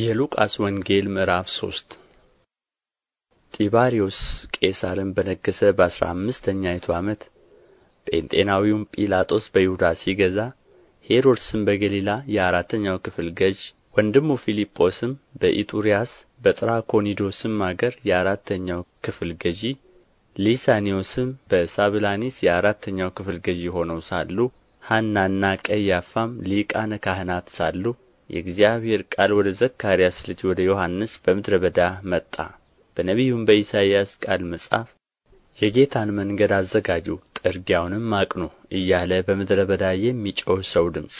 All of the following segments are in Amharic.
የሉቃስ ወንጌል ምዕራፍ ሶስት ጢባሪዮስ ቄሳርን በነገሰ በነገሠ በአሥራ አምስተኛይቱ ዓመት ጴንጤናዊውም ጲላጦስ በይሁዳ ሲገዛ ሄሮድስም በገሊላ የአራተኛው ክፍል ገዥ ወንድሙ ፊልጶስም በኢጡሪያስ በጥራኮኒዶስም አገር የአራተኛው ክፍል ገዢ ሊሳኒዮስም በሳብላኒስ የአራተኛው ክፍል ገዢ ሆነው ሳሉ ሐናና ቀያፋም ሊቃነ ካህናት ሳሉ የእግዚአብሔር ቃል ወደ ዘካርያስ ልጅ ወደ ዮሐንስ በምድረ በዳ መጣ። በነቢዩም በኢሳይያስ ቃል መጽሐፍ የጌታን መንገድ አዘጋጁ፣ ጥርጊያውንም አቅኑ እያለ በምድረ በዳ የሚጮህ ሰው ድምፅ፣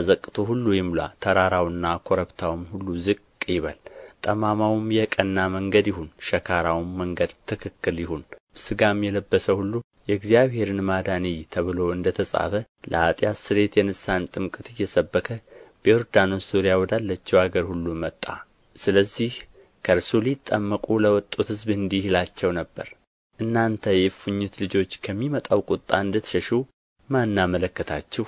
አዘቅቱ ሁሉ ይሙላ፣ ተራራውና ኮረብታውም ሁሉ ዝቅ ይበል፣ ጠማማውም የቀና መንገድ ይሁን፣ ሸካራውም መንገድ ትክክል ይሁን፣ ሥጋም የለበሰ ሁሉ የእግዚአብሔርን ማዳን ተብሎ እንደ ተጻፈ ለኀጢአት ስርየት የንስሐን ጥምቀት እየሰበከ በዮርዳኖስ ዙሪያ ወዳለችው አገር ሁሉ መጣ ስለዚህ ከእርሱ ሊጠመቁ ለወጡት ሕዝብ እንዲህ ይላቸው ነበር እናንተ የእፉኝት ልጆች ከሚመጣው ቁጣ እንድትሸሹ ማን አመለከታችሁ?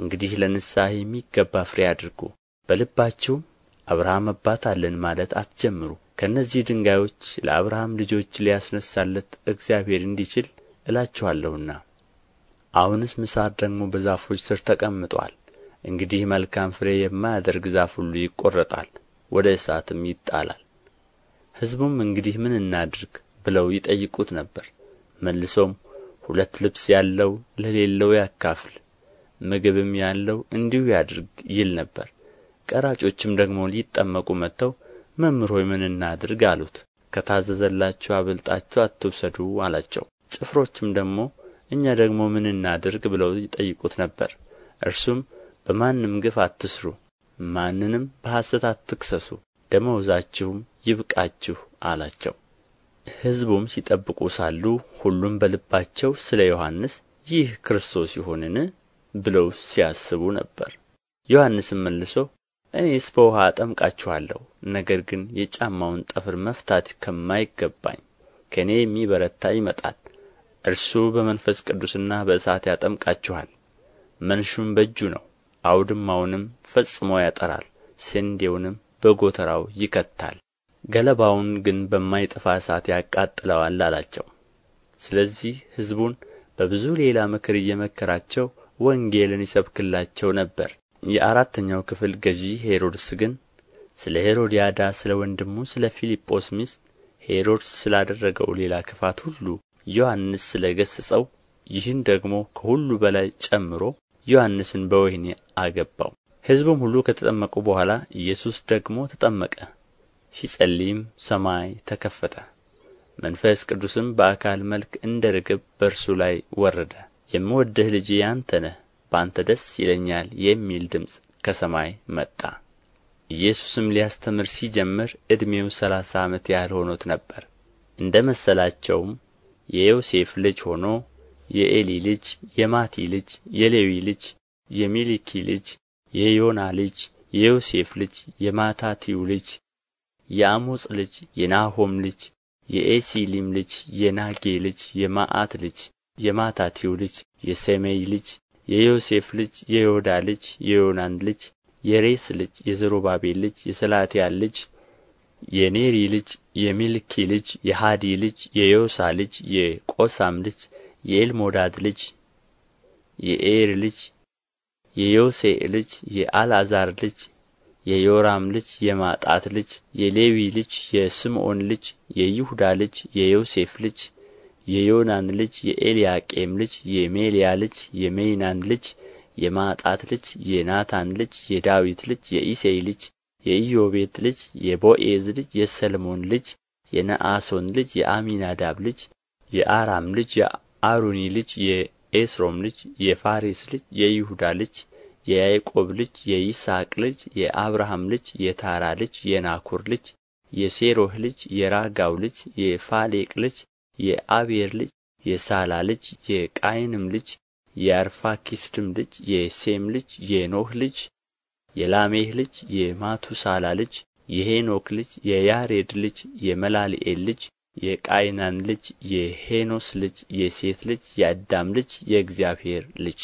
እንግዲህ ለንስሐ የሚገባ ፍሬ አድርጉ። በልባችሁም አብርሃም አባት አለን ማለት አትጀምሩ። ከእነዚህ ድንጋዮች ለአብርሃም ልጆች ሊያስነሳለት እግዚአብሔር እንዲችል እላችኋለሁና። አሁንስ ምሳር ደግሞ በዛፎች ስር ተቀምጧል። እንግዲህ መልካም ፍሬ የማያደርግ ዛፍ ሁሉ ይቆረጣል ወደ እሳትም ይጣላል ሕዝቡም እንግዲህ ምን እናድርግ ብለው ይጠይቁት ነበር መልሶም ሁለት ልብስ ያለው ለሌለው ያካፍል፣ ምግብም ያለው እንዲሁ ያድርግ ይል ነበር። ቀራጮችም ደግሞ ሊጠመቁ መጥተው መምህር ሆይ ምን እናድርግ አሉት። ከታዘዘላችሁ አብልጣችሁ አትውሰዱ አላቸው። ጭፍሮችም ደግሞ እኛ ደግሞ ምን እናድርግ ብለው ይጠይቁት ነበር። እርሱም በማንም ግፍ አትስሩ፣ ማንንም በሐሰት አትክሰሱ፣ ደመወዛችሁም ይብቃችሁ አላቸው። ሕዝቡም ሲጠብቁ ሳሉ ሁሉም በልባቸው ስለ ዮሐንስ ይህ ክርስቶስ ይሆንን ብለው ሲያስቡ ነበር። ዮሐንስም መልሶ እኔስ በውኃ አጠምቃችኋለሁ፣ ነገር ግን የጫማውን ጠፍር መፍታት ከማይገባኝ ከእኔ የሚበረታ ይመጣል፣ እርሱ በመንፈስ ቅዱስና በእሳት ያጠምቃችኋል። መንሹም በእጁ ነው አውድማውንም ፈጽሞ ያጠራል ስንዴውንም በጎተራው ይከታል ገለባውን ግን በማይጠፋ እሳት ያቃጥለዋል አላቸው ስለዚህ ሕዝቡን በብዙ ሌላ ምክር እየመከራቸው ወንጌልን ይሰብክላቸው ነበር የአራተኛው ክፍል ገዢ ሄሮድስ ግን ስለ ሄሮድያዳ ስለ ወንድሙ ስለ ፊልጶስ ሚስት ሄሮድስ ስላደረገው ሌላ ክፋት ሁሉ ዮሐንስ ስለ ገሠጸው ይህን ደግሞ ከሁሉ በላይ ጨምሮ ዮሐንስን በወህኒ አገባው ሕዝቡም ሁሉ ከተጠመቁ በኋላ ኢየሱስ ደግሞ ተጠመቀ ሲጸልይም ሰማይ ተከፈተ መንፈስ ቅዱስም በአካል መልክ እንደ ርግብ በእርሱ ላይ ወረደ የምወድህ ልጄ አንተ ነህ በአንተ ደስ ይለኛል የሚል ድምፅ ከሰማይ መጣ ኢየሱስም ሊያስተምር ሲጀምር ዕድሜው ሰላሳ ዓመት ያህል ሆኖት ነበር እንደ መሰላቸውም የዮሴፍ ልጅ ሆኖ የኤሊ ልጅ የማቲ ልጅ የሌዊ ልጅ የሚልኪ ልጅ የዮና ልጅ የዮሴፍ ልጅ የማታቲው ልጅ የአሞጽ ልጅ የናሆም ልጅ የኤሲሊም ልጅ የናጌ ልጅ የማአት ልጅ የማታቲው ልጅ የሰሜይ ልጅ የዮሴፍ ልጅ የዮዳ ልጅ የዮናን ልጅ የሬስ ልጅ የዘሩባቤል ልጅ የሰላትያል ልጅ የኔሪ ልጅ የሚልኪ ልጅ የሃዲ ልጅ የዮሳ ልጅ የቆሳም ልጅ የኤልሞዳድ ልጅ የኤር ልጅ የዮሴዕ ልጅ የአልዓዛር ልጅ የዮራም ልጅ የማጣት ልጅ የሌዊ ልጅ የስምዖን ልጅ የይሁዳ ልጅ የዮሴፍ ልጅ የዮናን ልጅ የኤልያቄም ልጅ የሜልያ ልጅ የሜይናን ልጅ የማጣት ልጅ የናታን ልጅ የዳዊት ልጅ የኢሴይ ልጅ የኢዮቤት ልጅ የቦኤዝ ልጅ የሰልሞን ልጅ የነአሶን ልጅ የአሚናዳብ ልጅ የአራም ልጅ የአሮኒ ልጅ የኤስሮም ልጅ የፋሬስ ልጅ የይሁዳ ልጅ የያዕቆብ ልጅ የይስሐቅ ልጅ የአብርሃም ልጅ የታራ ልጅ የናኮር ልጅ የሴሮህ ልጅ የራጋው ልጅ የፋሌቅ ልጅ የአቤር ልጅ የሳላ ልጅ የቃይንም ልጅ የአርፋኪስድም ልጅ የሴም ልጅ የኖህ ልጅ የላሜህ ልጅ የማቱሳላ ልጅ የሄኖክ ልጅ የያሬድ ልጅ የመላልኤል ልጅ የቃይናን ልጅ የሄኖስ ልጅ የሴት ልጅ የአዳም ልጅ የእግዚአብሔር ልጅ